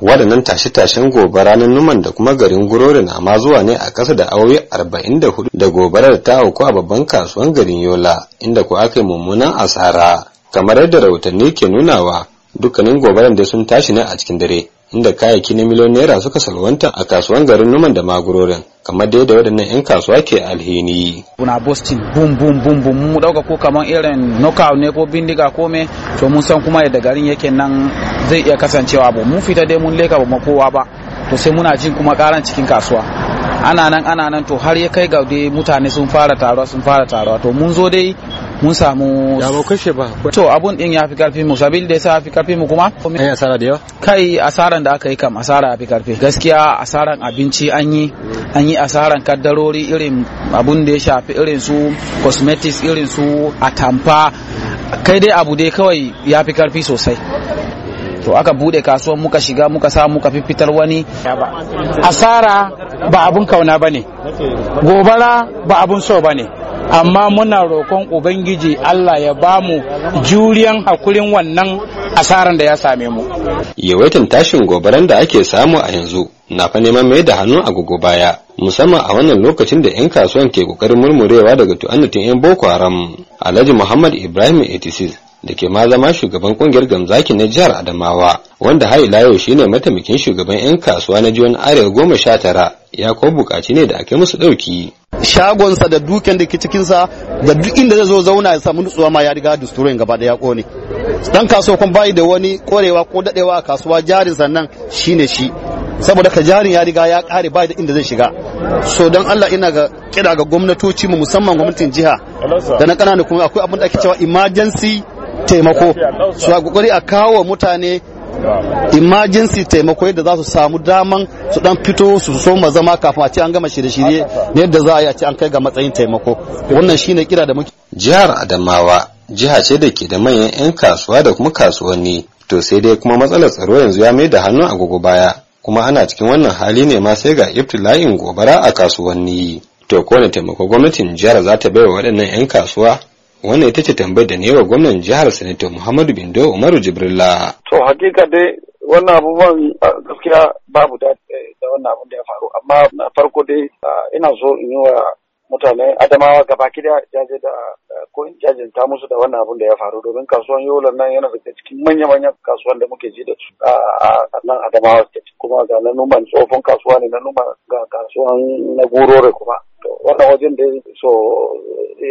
waɗannan tashe-tashen gobara na numan da kuma garin gurori na ma zuwa ne a ƙasa da awoyi 44 da gobarar ta auku a babban kasuwan garin yola inda ku aka yi mummunan asara kamar yadda rahotanni ke nunawa dukkanin gobaran da sun tashi ne a cikin dare inda kayayyaki na miliyon naira suka salwanta a kasuwan garin numan da magurorin kamar dai da waɗannan 'yan kasuwa ke alhini. Muna Boston bum bum bum bum mu dauka ko kamar irin knockout ne ko bindiga ko me to mun san kuma yadda garin yake nan zai iya kasancewa ba mun fita dai mun leka ba mu kowa ba to sai muna jin kuma karan cikin kasuwa ana nan ana nan to har ya kai ga mutane sun fara taruwa sun fara taruwa to mun zo dai mun samu ya ba kashe ba to abun din ya fi karfi mu sabil da yasa fi karfi mu kuma ai asara da yawa kai asaran da aka yi kam asara fi karfi gaskiya asaran abinci an yi an yi asaran kaddarori irin abun da ya shafi irin su cosmetics irin su atamfa kai dai abu dai kawai ya fi karfi sosai to aka bude kasuwan muka shiga muka sa muka fitar wani asara ba abun kauna bane gobara ba abun so bane amma muna roƙon ubangiji Allah ya ba mu juriyan hakurin wannan asaran da ya same mu yawaitan tashin gobaran da ake samu a yanzu na fa neman mai da hannu agogo baya musamman a wannan lokacin da 'yan kasuwan ke kokarin murmurewa daga tu'annatin 'yan boko haram alhaji muhammad ibrahim 86 da ke ma zama shugaban kungiyar gamzaki na jihar adamawa wanda har ila yau shine mataimakin shugaban 'yan kasuwa na jihar arewa goma sha tara ya ko bukaci ne da ake musu ɗauki shagonsa da duken da ke cikinsa da duk inda zai zo zauna ya samu nutsuwa ma ya riga dusturin gaba da ya kone dan kasuwa kun bayi da wani korewa ko dadewa kasuwa jarin sannan shine shi saboda ka jarin ya riga ya kare bayi da inda zai shiga so don Allah ina ga kira ga gwamnatoci mu musamman gwamnatin jiha da na kanana kuma akwai abin da ake cewa emergency taimako su a kokari a kawo mutane emergency taimako yadda za su samu daman su dan fito su so zama kafin a ce an gama shirye-shirye na yadda za a yi a ce an kai ga matsayin taimako wannan shine kira da muke jihar adamawa jiha ce da ke da manyan 'yan kasuwa da kuma kasuwanni to sai dai kuma matsalar tsaro yanzu ya mai da a agogo baya kuma ana cikin wannan hali ne ma sai ga ibtila'in gobara a kasuwanni to ne taimako gwamnatin jihar za ta wa waɗannan 'yan kasuwa wannan ita ce tambayar da ne wa gwamnan jihar sanito muhammadu bindo umaru jibrila to hakika dai wannan abubuwan gaskiya babu eh, da wannan abun da ya faru amma na farko dai ina so in yi wa mutane adamawa gaba kida jaje da ko in jajinta musu da wannan abun da ya faru domin kasuwan yola nan yana daga cikin manya manyan kasuwan da muke ji da su a nan adamawa state kuma ga na numan kasuwa ne na numan ga kasuwan na gurore kuma wannan wajen da so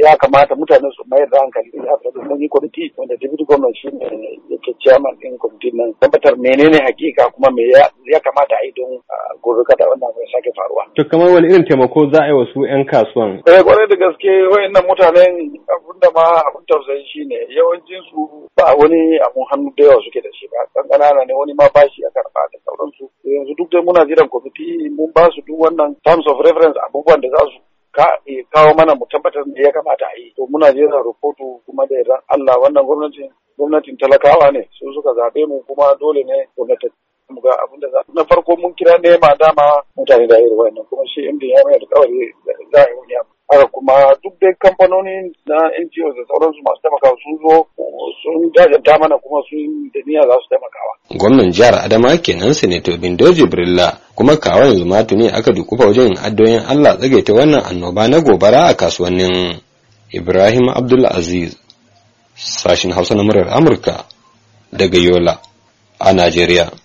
ya kamata mutane su mayar da hankali a tsarin mun yi kwamiti wanda deputy gwamnati shi ne yake chairman din kwamiti nan tabbatar menene hakika kuma me ya kamata a yi don gobe kada wannan ya sake faruwa. To kamar wani irin taimako za a yi wasu 'yan kasuwan? Eh kwarai da gaske wayannan mutanen abun da ma abun tausayi shi ne yawancin su ba wani abun hannu da yawa suke da shi ba ɗan ƙanana ne wani ma bashi a kan duk dai muna jiran kwamiti mun ba su duk wannan terms of reference abubuwan da za su eh, kawo mana mu tabbatar da ya kamata a yi to muna jiran rahoto kuma da yardan Allah wannan gwamnatin gwamnatin talakawa ne su suka zaɓe mu kuma dole ne gwamnati mu ga abin da na farko mun kira nema dama mutane da irin wannan kuma shi inda ya mai alƙawari za a yi wani abu fara kuma duk dai kamfanoni na NGO da sauransu masu taimakawa sun zo sun jajanta mana kuma sun da niyya za su taimakawa. Gwamnan jihar Adama kenan sinato Bindo Jibrilla kuma kawai yanzu ma tuni aka dukufa wajen addoyin Allah tsagaita wannan annoba na gobara a kasuwannin Ibrahim Abdul Aziz sashin Hausa na murar Amurka daga Yola a Najeriya.